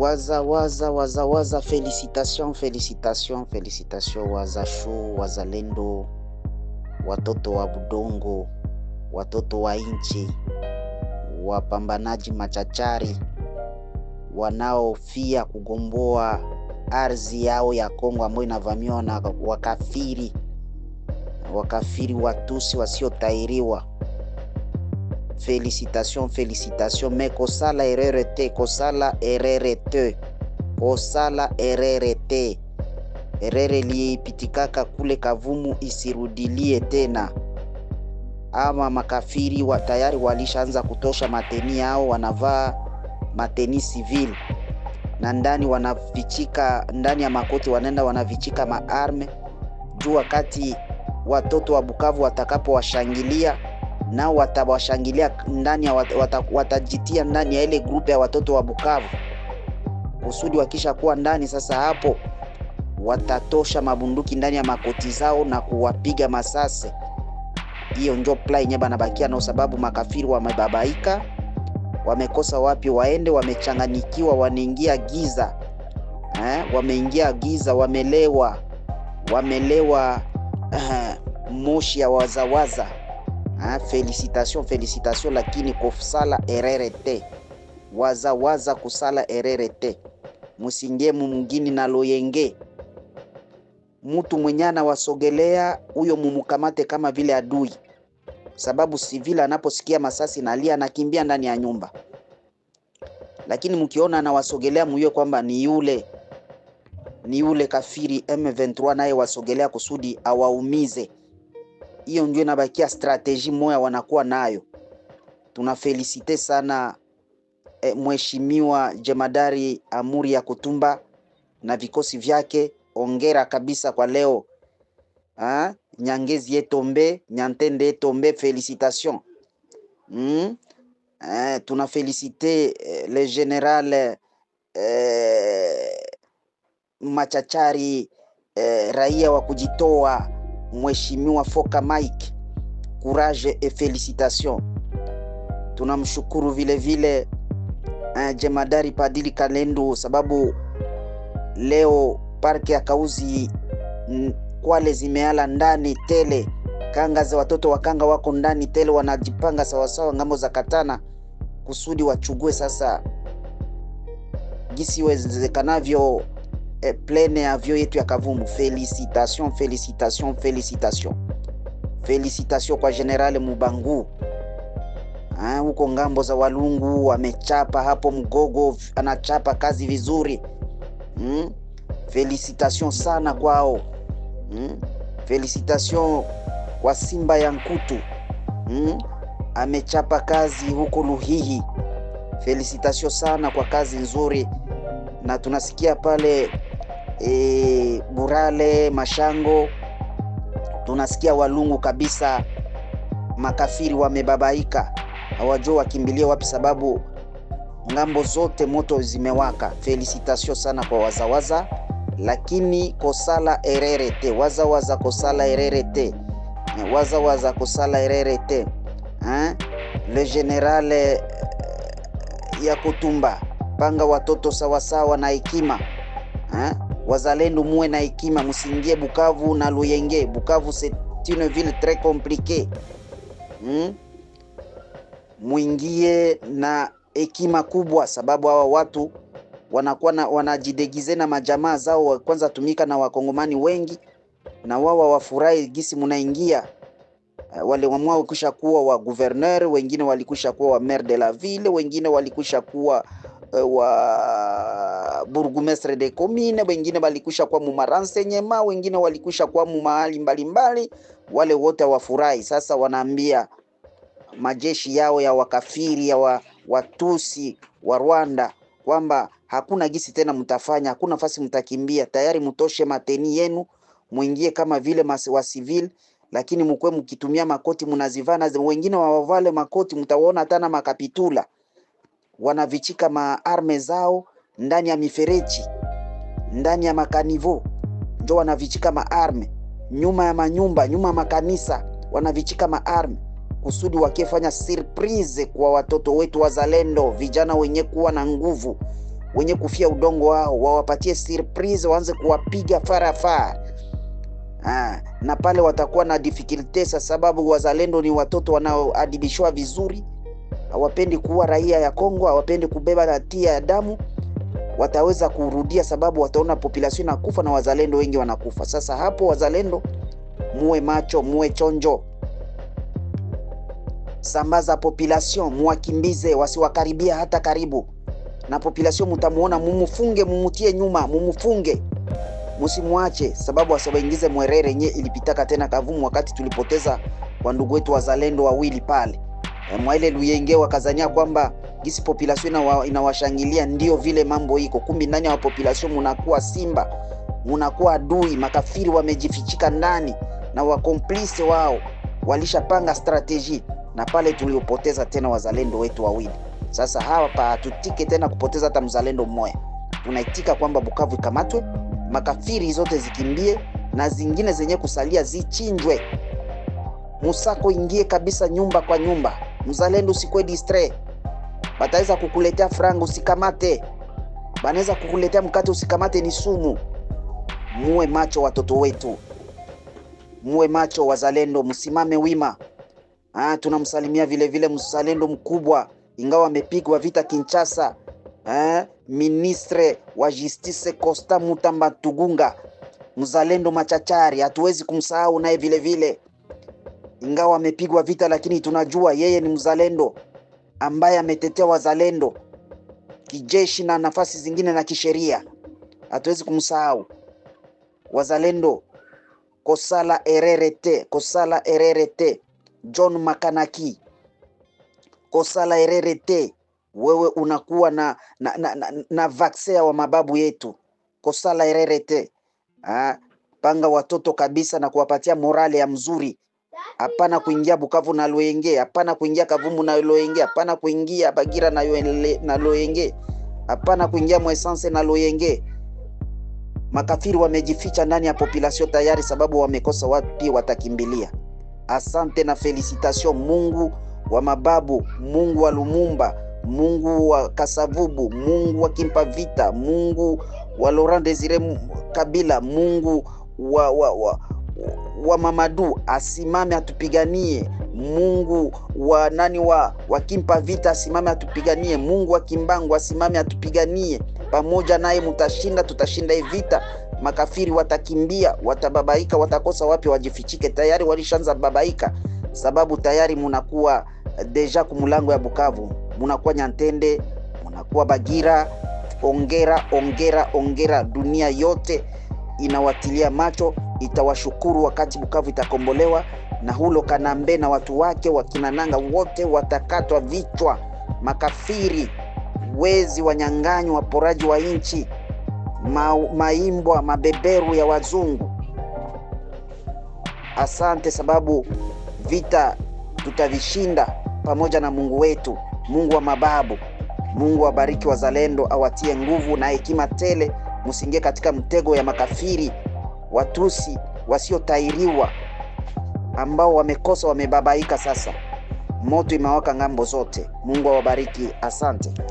waza waza waza waza, felicitation felicitation felicitation, waza shu wazalendo, watoto wa budongo, watoto wa nchi, wapambanaji machachari wanaofia kugomboa ardhi yao ya Kongo ambayo inavamiwa na wakafiri, wakafiri watusi wasiotairiwa Félicitations, félicitations. Mais kosala RRT, kosala RRT, kosala RRT. Erere iliyoipitikaka kule Kavumu isirudilie tena. Ama makafiri wa tayari walishaanza kutosha mateni yao, wanavaa mateni civil na ndani wanavichika ndani ya makoti, wanaenda wanavichika maarme juu, wakati watoto wa Bukavu watakapowashangilia nao watawashangilia ndani ya wat, watajitia ndani ya ile grupu ya watoto wa Bukavu kusudi wakisha kuwa ndani sasa, hapo watatosha mabunduki ndani ya makoti zao na kuwapiga masase. Hiyo njo plani yenye banabakia nao, sababu makafiri wamebabaika, wamekosa wapi waende, wamechanganyikiwa, wanaingia giza eh, wameingia giza, wamelewa, wamelewa eh, moshi ya wazawaza Ha, felicitation felicitation, lakini kusala erere te, waza waza kusala erere te, musingie mumugini na loyenge. Mutu mwenye anawasogelea huyo mumukamate kama vile adui, sababu sivile anaposikia masasi na lia anakimbia ndani ya nyumba, lakini mkiona anawasogelea muyue kwamba ni yule ni yule kafiri M23 naye wasogelea kusudi awaumize hiyo ndio inabakia strateji moya wanakuwa nayo. Tunafelisite sana e, mheshimiwa jemadari Amuri ya Kutumba na vikosi vyake, ongera kabisa kwa leo ha? Ah, Nyangezi yetombe Nyantende yetombe felicitation mm? Eh, felicite eh, le general eh, machachari eh, raia wa kujitoa Mheshimiwa Foka Mike, courage et felicitation. Tunamshukuru vile vile uh, jemadari Padili Kalendu sababu leo parki ya Kauzi mm, Kwale zimeala ndani tele, kanga za watoto wa kanga wako ndani tele, wanajipanga sawasawa ngambo za Katana kusudi wachugue sasa gisi wezekanavyo Eh, plene ya yetu ya Kavumu. Felicitation, felicitation, felicitation, felicitation kwa General Mubangu huko ngambo za Walungu, amechapa hapo Mgogo, anachapa kazi vizuri mm? Felicitation sana kwao mm? Felicitation kwa Simba ya Nkutu mm? amechapa kazi huko Luhihi. Felicitation sana kwa kazi nzuri, na tunasikia pale e, Burale, Mashango, tunasikia Walungu kabisa, makafiri wamebabaika, hawajua wakimbilie wapi, sababu ngambo zote moto zimewaka. Felicitation sana kwa wazawaza, lakini kosala RRT wazawaza, kosala RRT eh, wazawaza, kosala RRT ha? le general eh, eh, ya kutumba panga watoto sawasawa na hekima Wazalendo muwe na hekima, msiingie Bukavu na Luyenge. Bukavu c'est une ville très compliquée hmm? Mwingie na hekima kubwa, sababu hawa watu wanakuwa na, wanajidegize na majamaa zao kwanza tumika na wakongomani wengi, na wao wafurahi gisi munaingia. Eh, wale wamwa kuwa wa gouverneur, wengine walikusha kuwa wa maire de la ville, wengine walikusha kuwa Eh, wa burgumestre de commune, wengine walikwisha kwa mu nyema, wengine walikwisha kwa mumahali mbalimbali. Wale wote wafurahi sasa, wanaambia majeshi yao ya wakafiri ya wa, watusi wa Rwanda kwamba hakuna gisi tena mtafanya, hakuna fasi mtakimbia, tayari mtoshe mateni yenu muingie kama vile wa civil, lakini mkuwe mkitumia makoti mnazivana, wengine wawavale makoti, hata na makapitula wanavichika maarme zao ndani ya mifereji, ndani ya makanivo, ndio wanavichika maarme nyuma ya manyumba, nyuma ya makanisa, wanavichika maarme kusudi wakifanya surprise kwa watoto wetu wazalendo, vijana wenye kuwa na nguvu, wenye kufia udongo wao, wawapatie surprise, waanze kuwapiga farafara. na pale watakuwa na difficulty, sababu wazalendo ni watoto wanaoadibishwa vizuri hawapendi kuua raia ya Kongo, hawapendi kubeba hatia ya damu, wataweza kurudia, sababu wataona population inakufa na wazalendo wengi wanakufa. Sasa hapo, wazalendo muwe macho, muwe chonjo, sambaza population, muwakimbize, wasiwakaribia hata karibu na population. Mutamuona, mumufunge, mumutie nyuma, mumufunge Msimwache sababu asiwaingize mwerere nye ilipitaka tena Kavumu, wakati tulipoteza wandugu wetu wazalendo wawili pale. Mwaile Luyenge wakazania kwamba gisi population inawashangilia ndio vile mambo iko, kumbi ndani ya population munakuwa simba, munakuwa adui, makafiri wamejifichika ndani na wakomplise wao walishapanga strateji, na pale tuliopoteza tena wazalendo wetu wawili. Sasa hapa hatutike tena kupoteza hata mzalendo mmoja, tunaitika kwamba Bukavu ikamatwe, makafiri zote zikimbie na zingine zenye kusalia zichinjwe, musako ingie kabisa nyumba kwa nyumba. Mzalendo usikwe distre, bataweza kukuletea frango usikamate, banaweza kukuletea mkate usikamate, ni sumu. Muwe macho watoto wetu, muwe macho wazalendo, msimame wima. Ah, tunamsalimia vile vile mzalendo mkubwa, ingawa amepigwa vita Kinshasa, ah, ministre wa justice Costa Mutamba Tugunga, mzalendo machachari, hatuwezi kumsahau naye vile vile ingawa amepigwa vita, lakini tunajua yeye ni mzalendo ambaye ametetea wazalendo kijeshi na nafasi zingine na kisheria. Hatuwezi kumsahau wazalendo Kosala RRT, Kosala RRT, John Makanaki, Kosala RRT, wewe unakuwa na, na, na, na, na vaksea wa mababu yetu Kosala RRT. Ah, panga watoto kabisa na kuwapatia morale ya mzuri hapana kuingia Bukavu na Loenge, hapana kuingia Kavumu na Loenge, hapana kuingia Bagira na, na Loenge, hapana kuingia Mwesanse na Loenge. Makafiri wamejificha ndani ya population tayari, sababu wamekosa wapi watakimbilia. Asante na felicitation, Mungu wa mababu, Mungu wa Lumumba, Mungu wa Kasavubu, Mungu wa kimpa vita Mungu wa Laurent Desire Kabila, Mungu wa, wa, wa wa Mamadu asimame atupiganie. Mungu wa nani wa wakimpa vita asimame atupiganie. Mungu wa Kimbangu asimame atupiganie. Pamoja naye mutashinda, tutashinda hii vita. Makafiri watakimbia, watababaika, watakosa wapi wajifichike. Tayari walishaanza babaika, sababu tayari munakuwa deja kumulango ya Bukavu, munakuwa Nyantende, munakuwa Bagira. Ongera, ongera, ongera dunia yote inawatilia macho, itawashukuru wakati Bukavu itakombolewa na hulo Kanambe na watu wake wakinananga wote watakatwa vichwa, makafiri, wezi, wanyang'anyi, waporaji wa nchi, ma, maimbwa, mabeberu ya wazungu. Asante sababu vita tutavishinda pamoja na Mungu wetu, Mungu wa mababu. Mungu abariki wazalendo, awatie nguvu na hekima tele msiingie katika mtego ya makafiri watusi wasiotairiwa ambao wamekosa wamebabaika. Sasa moto imewaka ng'ambo zote. Mungu awabariki, asante.